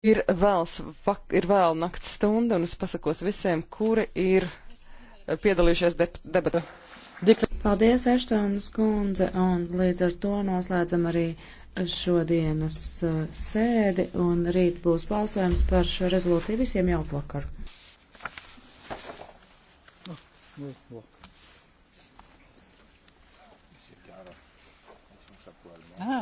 Ir vēls, vak, ir vēl nakts stunda, un es pasakos visiem, kuri ir eh, piedalījušies de debatā. Paldies, Eštānas kundze, un līdz ar to noslēdzam arī šodienas eh, sēdi, un rīt būs balsojums par šo rezolūciju visiem jau vakar. Ah,